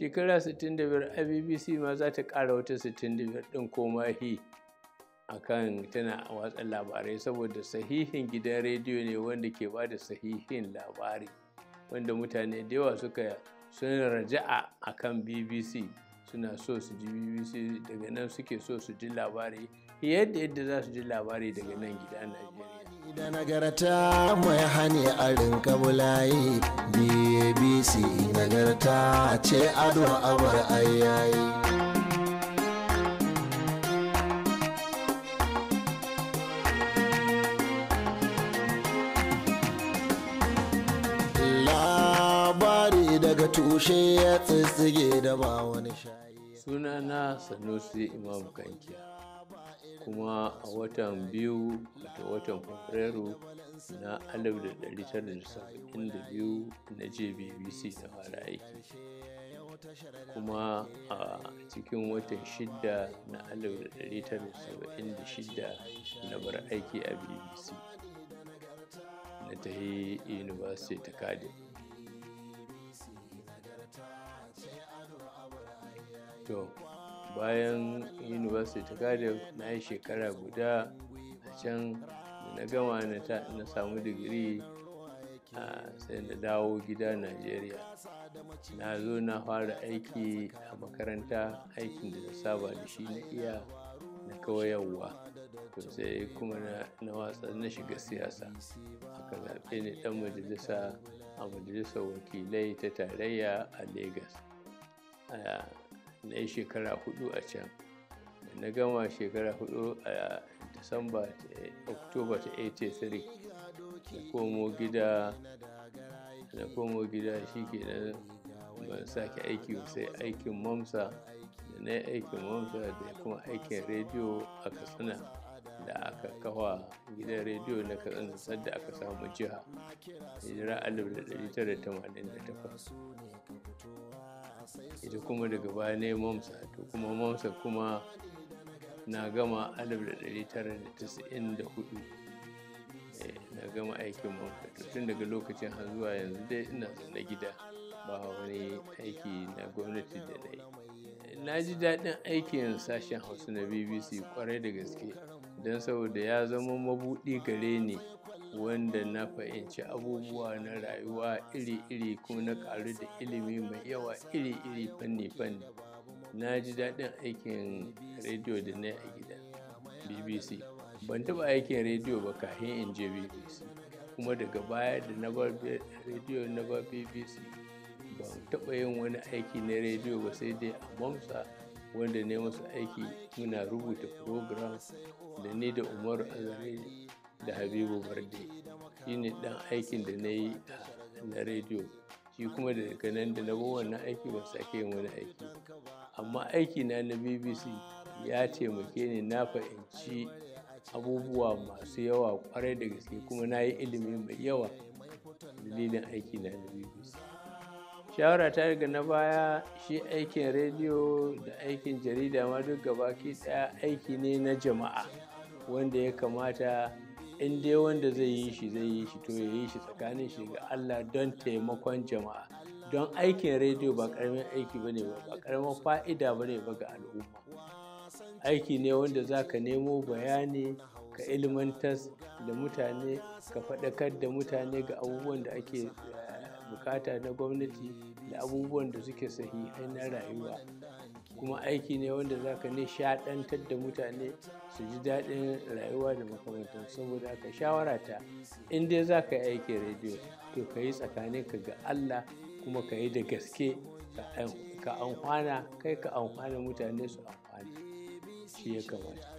shekara 65 BBC ma za ta ƙara wata 65 ɗin komahi a kan tana watsa labarai saboda sahihin gidan rediyo ne wanda ke ba da sahihin labari wanda mutane da yawa suka sun raja'a a kan bbc suna so su ji bbc daga nan suke so su ji labari yadda yadda za su ji labari daga nan gida najeriya da nagarta mai hani a rinka bulayi bbc nagarta ce ado abar ayayi labari daga tushe ya tsitsige da ba wani shayi sunana sanusi imam kankiya kuma a watan biyu da watan fabrairu na 1972 na je bbc na fara aiki kuma a cikin watan shida na 1976 na bar aiki a bbc na ta yi university ta kade to bayan university ta cardiff na yi shekara guda a can na gama na samu digiri sai na dawo gida Najeriya. Na zo na fara aiki a makaranta aikin da na saba da shi na iya na kawayarwa. To sai kuma na watsa na shiga siyasa. Aka zaɓe ni ɗan majalisa a majalisar wakilai ta tarayya a Legas. na yi shekara hudu a can na gama shekara hudu a disamba eh, oktoba ta 83 na komo gida na komo gida shi ke nan ban sake aiki sai aikin mamsa da na yi aikin mamsa da kuma aikin rediyo a katsina da aka kawa gidan rediyo na katsina sadda aka samu jiha hijira 1988 ita kuma daga baya ne mamsa to kuma mamsa kuma na gama 1994 eh, na gama aikin mamsa to tun daga lokacin har zuwa yanzu dai ina zaune gida ba wani aiki na gwamnati da na yi na ji daɗin aikin sashen hausa na bbc kwarai da gaske don saboda ya zama mabuɗi gare ni wanda na fahimci abubuwa na rayuwa iri-iri kuma na karu da ilimi mai yawa iri-iri fanni-fanni na ji daɗin aikin rediyo da na a gida bbc ban taɓa aikin rediyo ba kafin in je bbc kuma daga baya da na bar rediyo na bar bbc ban taɓa yin wani aiki na rediyo ba sai dai a bamsa wanda ne masu aiki muna rubuta program da ni da umaru azare da habibu Marde shi ne ɗan aikin da na yi na rediyo shi kuma daga nan da na wannan aiki ba sake yin wani aiki amma aiki na na bbc ya taimake ni na fahimci abubuwa masu yawa kwarai da gaske kuma na yi ilimi mai yawa dalilin aiki na na bbc shawara ta daga na baya shi aikin rediyo da aikin jarida ma duk gaba ki daya aiki ne na jama'a wanda ya kamata in dai wanda zai yi shi zai yi shi to ya yi shi tsakanin shi ga Allah don taimakon jama'a don aikin rediyo ba karamin aiki ba ne ba karamin fa'ida ba ne ba ga al'umma aiki ne wanda za ka nemo bayani ka ilmantar da mutane ka faɗakar da mutane ga abubuwan da ake bukata na gwamnati da abubuwan da suke sahihai na rayuwa kuma aiki ne wanda za ka nishaɗantar da mutane su ji daɗin rayuwa da makamantan saboda haka shawara ta in dai za ka yi aikin rediyo to ka yi ka ga allah kuma ka yi da gaske ka amfana kai ka amfana mutane su amfana shi ya kamata